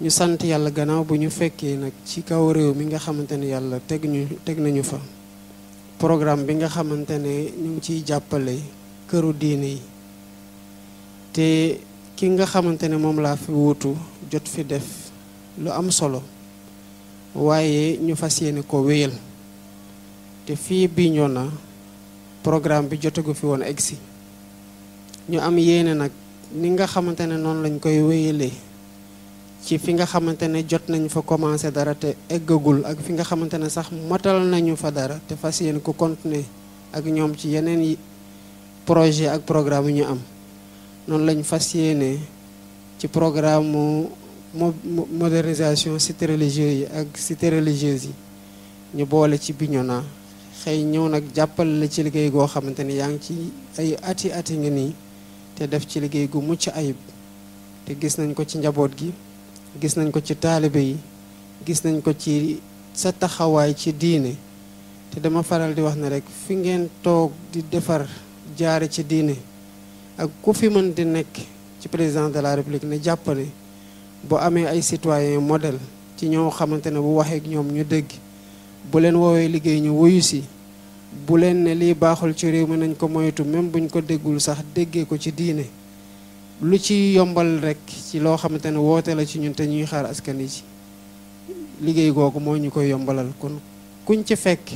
ñu sant yàlla gannaaw bi ñu fekkee nag ci kaw réew mi nga xamante ne yàlla teg ñu teg nañu fa programme bi nga xamante ne ñu ngi ciy jàppale këru diine yi te ki nga xamante ne moom laa fi wuutu jot fi def lu am solo waaye ñu fas yéene ko wéyal te fii bi ñoo na programme bi jotagu fi woon egsi ñu am yéene nag ni nga xamante ne noonu lañ koy wéyalee ci fi nga xamante ne jot nañu fa commencé dara te eggagul ak fi nga xamante ne sax matal nañu fa dara te fas yéene ko continuer ak ñoom ci yeneen yi projet ak programme yu ñu am noonu lañ fas yéene ci programme mu modernisation cité religieux yi ak cité religieuse yi ñu boole ci Bignona xëy ñëw nag jàppale la ci liggéey goo xamante ni yaa ngi ci ay ati ati nga nii te def ci liggéey gu mucc ayib te gis nañ ko ci njaboot gi gis nañ ko ci taalibe yi gis nañ ko ci sa taxawaay ci diine te dama faral di wax ne rek fi ngeen toog di defar jaare ci diine ak ku fi mën di nekk ci président de la république ne jàpp ne bu amee ay citoyen modèle ci ñoo xamante ne bu waxee ñoom ñu dégg bu leen woowee liggéey ñu wuyu si bu leen ne lii baaxul ci réew mi nañ ko moytu même buñ ko déggul sax déggee ko ci diine lu ci yombal rek ci lo xamantene wote la ci ñun te ñuy xaar askan yi liggey liggéey mo ñukoy yombalal kon kuñ ci fekk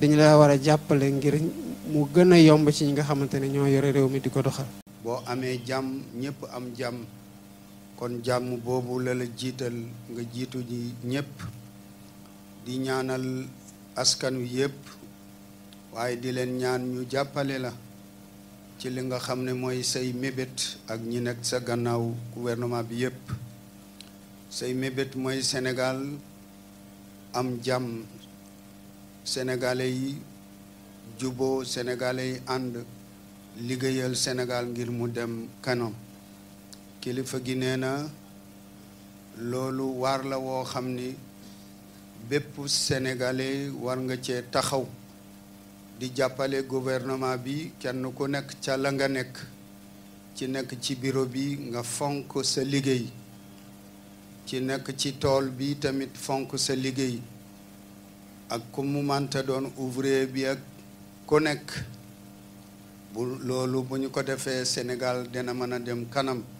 dañ la wara jappale ngir mu gëna yomb ci nga xamantene ño yore mi diko doxal bo amé jam ñepp am jam kon jam bobu la la jital nga jitu ji ñepp di ñaanal askan yu yépp waaye di leen ñaan ñu jàppale la ci li nga xam ne mooy say mébét ak ñi nekk sa gannaaw gouvernement bi yépp say mébét mooy Sénégal am jàmm sénégalais yi juboo sénégalais yi ànd liggéeyal Sénégal ngir mu dem kanam kilifa gi nee na loolu waar la woo xam ni bépp sénégalais war nga cee taxaw di jàppale gouvernement bi kenn ku nekk ca la nga nekk ci nekk ci bureau bi nga fonk sa liggéey ci nekk ci tool bi tamit fonk sa liggéey ak ku mu doon ouvrier bi ak ku nekk bu loolu bu ñu ko defee senegal dina mën a dem kanam